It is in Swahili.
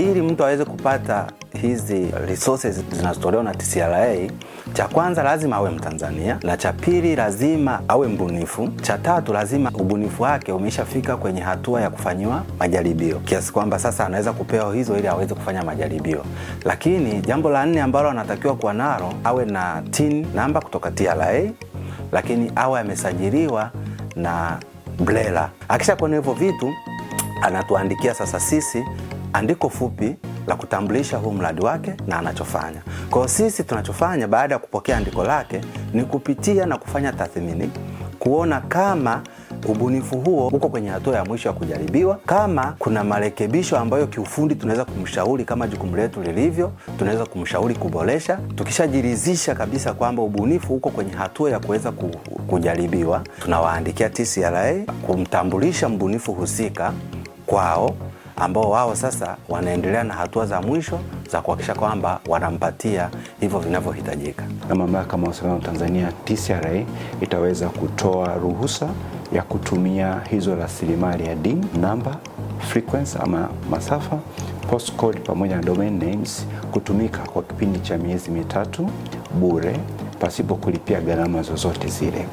Ili mtu aweze kupata hizi resources zinazotolewa na TCRA, cha kwanza lazima awe Mtanzania, na cha pili lazima awe mbunifu, cha tatu lazima ubunifu wake umeshafika kwenye hatua ya kufanyiwa majaribio, kiasi kwamba sasa anaweza kupewa hizo ili aweze kufanya majaribio. Lakini jambo la nne ambalo anatakiwa kuwa nalo, awe na TIN namba kutoka TRA, lakini awe amesajiliwa na BRELA. Akisha kuona hivyo vitu, anatuandikia sasa sisi andiko fupi la kutambulisha huu mradi wake na anachofanya. Kwa sisi tunachofanya baada ya kupokea andiko lake ni kupitia na kufanya tathmini, kuona kama ubunifu huo uko kwenye hatua ya mwisho ya kujaribiwa, kama kuna marekebisho ambayo kiufundi tunaweza kumshauri, kama jukumu letu lilivyo, tunaweza kumshauri kuboresha. tukishajirizisha kabisa kwamba ubunifu uko kwenye hatua ya kuweza kujaribiwa, tunawaandikia TCRA kumtambulisha mbunifu husika kwao ambao wao sasa wanaendelea na hatua za mwisho za kuhakikisha kwamba wanampatia hivyo vinavyohitajika. Na Mamlaka ya Mawasiliano Tanzania TCRA itaweza kutoa ruhusa ya kutumia hizo rasilimali ya DIN namba, frequency ama masafa, postcode pamoja na domain names kutumika kwa kipindi cha miezi mitatu bure pasipo kulipia gharama zozote zile.